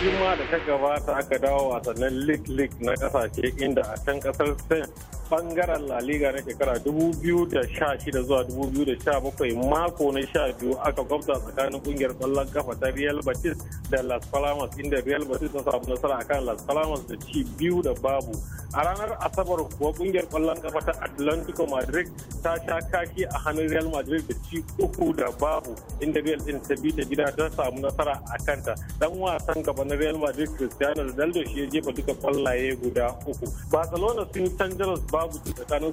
juma'a da ta gabata aka dawo wasannin league league na kasashe inda a can kasar spain bangaren La Liga na shekara 2016 zuwa 2017 mako na 12 aka gwamta tsakanin kungiyar kwallon kafa ta Real Betis da Las Palmas inda Real Betis ta samu nasara akan Las Palmas da ci biyu da babu. A ranar Asabar kuwa kungiyar kwallon kafa ta Atlantico Madrid ta sha kashi a hannun Real Madrid da ci uku da babu inda Real din ta bita ta gida ta samu nasara a kanta. Dan wasan gaba na Real Madrid Cristiano Ronaldo shi ya jefa duka kwallaye guda uku. Barcelona sun canjaras ba babu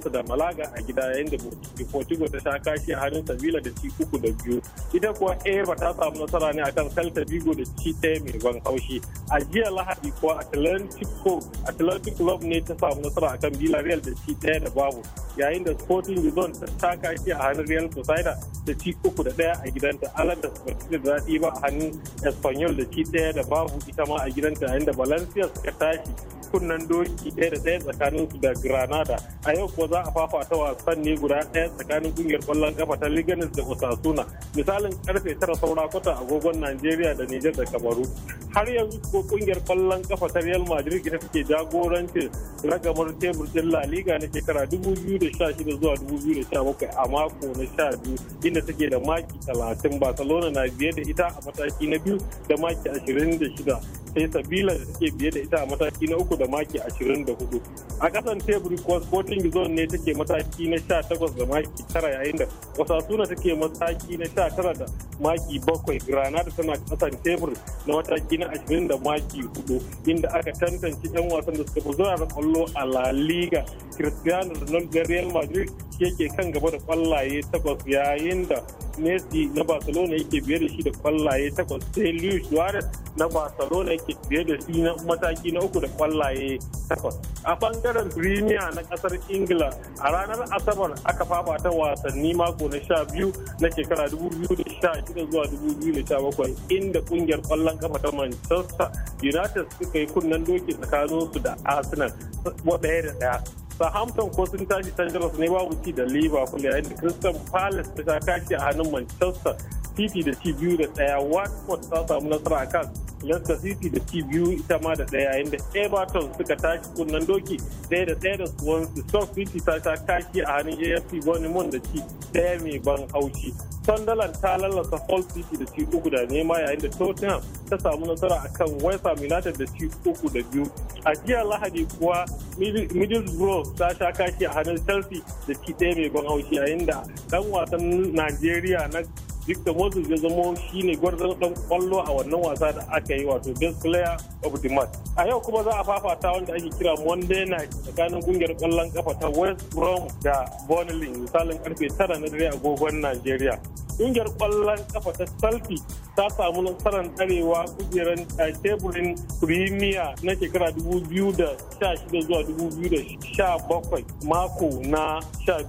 su da malaga a gida yayin da portugo ta sha kashi a hannun sabila da ci uku da biyu ita kuwa eva ta samu nasara ne akan celta vigo da ci ɗaya mai ban haushi a jiya lahadi kuwa atlantic club ne ta samu nasara akan villarreal da ci ɗaya da babu yayin da sporting gizon ta sha kashi a hannun real sociedad da ci uku da ɗaya a gidanta alar da da za ta yi ba a hannun espanyol da ci ɗaya da babu ita ma a gidanta yayin da valencia suka tashi kunnen doki ɗaya da ɗaya tsakanin su da granada a yau kuwa za a fafata wasan ne guda ɗaya tsakanin kungiyar kwallon ƙafa ta liganis da osasuna misalin karfe tara saura kwata agogon najeriya da nijar da kamaru har yanzu ko kungiyar kwallon kafa ta Real Madrid ita take jagorancin ragamar tebur din La Liga na shekara 2016 zuwa 2017 a mako na 12 inda take da maki talatin Barcelona na biye da ita a mataki na biyu da maki ashirin da shida. sai sabila da take biye da ita a mataki na uku da maki ashirin da hudu a kasan tebur kuwa sporting zone ne take mataki na sha takwas da maki tara yayin da osasuna take mataki na sha tara da maki bakwai granada tana kasan tebur na mataki na ashirin da maki hudu inda aka tantance yan wasan da suka fi zuwa da kwallo a la liga cristiano ronaldo da real madrid yake kan gaba da kwallaye takwas yayin da messi na barcelona yake biye da shi da kwallaye takwas sai luis suarez na barcelona yake fiye da na mataki na uku da kwallaye takwas a bangaren premier na kasar ingila a ranar asabar aka ta wasanni mako na sha biyu na shekara 2016 zuwa 2017 inda kungiyar kwallon kafa ta manchester united suka yi kunnen doki su da arsenal ɗaya da ɗaya Southampton ko sun tashi San ne babu ci da Liverpool yayin da Crystal Palace ta kashi a hannun Manchester City da ci biyu da ɗaya Watford ta samu nasara a kan Leicester City da ci biyu ita ma da ɗaya inda Everton suka tashi kunnan doki ɗaya da ɗaya da Swansea Stoke City ta sha kashi a hannun AFC Bournemouth da ci ɗaya mai ban haushi Sunderland ta lallasa Hull City da ci uku da nema yayin da Tottenham ta samu nasara akan West Ham United da ci uku da biyu. A jiya Lahadi kuwa Middlesbrough ta sha kashi a hannun Chelsea da ci ɗaya mai ban haushi yayin da ɗan wasan Najeriya na duk da Moses ya zama shi ne gwarzon dan kwallo a wannan wasa da aka yi wato best player of the match. A yau kuma za a fafata wanda ake kira Monday night tsakanin kungiyar kwallon kafa ta West Brom da Burnley misalin karfe tara na dare agogon nigeria Kungiyar kwallon kafa ta Celtic ta samu nasarar karewa kujerar teburin premier na shekara 2016 zuwa 2017 mako na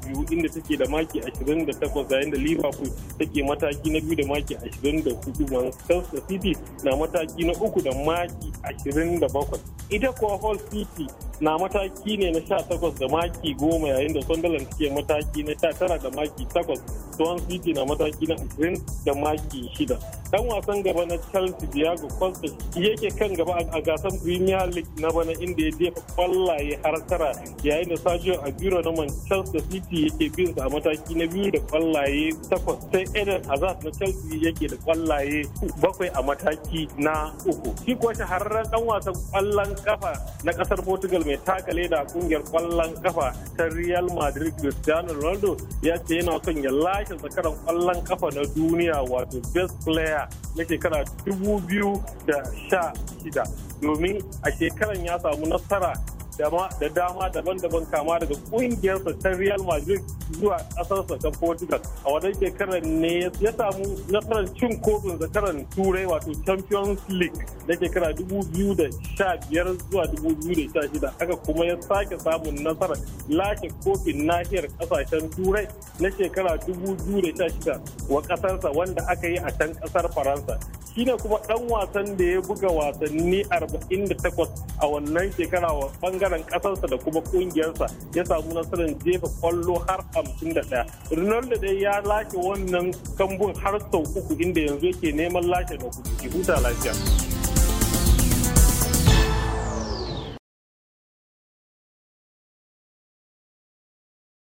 12 inda take da maki 28 yayin da liverpool take mataki na biyu da maki 24 manchester city na mataki na uku da maki 27 ita kuwa hall city na mataki ne na 18 da maki 10 yayin da sunderland suke mataki na 19 da maki 8 swan city na mataki na 20 da maki 6 dan wasan gaba na chelsea diego costa yake kan gaba a gasar premier league na bana inda ya jefa kwallaye har tara yayin da sergio aguero na manchester city yake bin sa a mataki na biyu da kwallaye 8 sai eden hazard na chelsea yake da kwallaye bakwai a mataki na uku shi kuwa shahararren dan wasan kwallon kafa na kasar portugal mai taka leda kungiyar kwallon kafa ta Real Madrid Cristiano Ronaldo ya ce yana son ya lashe zakaran kwallon kafa na duniya wato best player na shekara 2016 domin a shekaran ya samu nasara da dama daban-daban kama daga kungiyarsa ta Real Madrid zuwa ƙasarsa ta Portugal. A wannan shekarar ne ya samu nasarar cin kofin zakaran Turai wato Champions League da shekara 2015 zuwa 2016 haka kuma ya sake samun nasarar lake kofin nahiyar ƙasashen Turai na shekara 2016 wa ƙasarsa wanda aka yi a can ƙasar Faransa. shine kuma dan wasan da ya buga wasanni 48 a wannan shekara wa bangaren kasarsa da kuma kungiyarsa ya samu nasarar jefa kwallo har 51 ronaldo dai ya lashe wannan kambun har sau uku inda yanzu yake neman lashe na kudu ki lafiya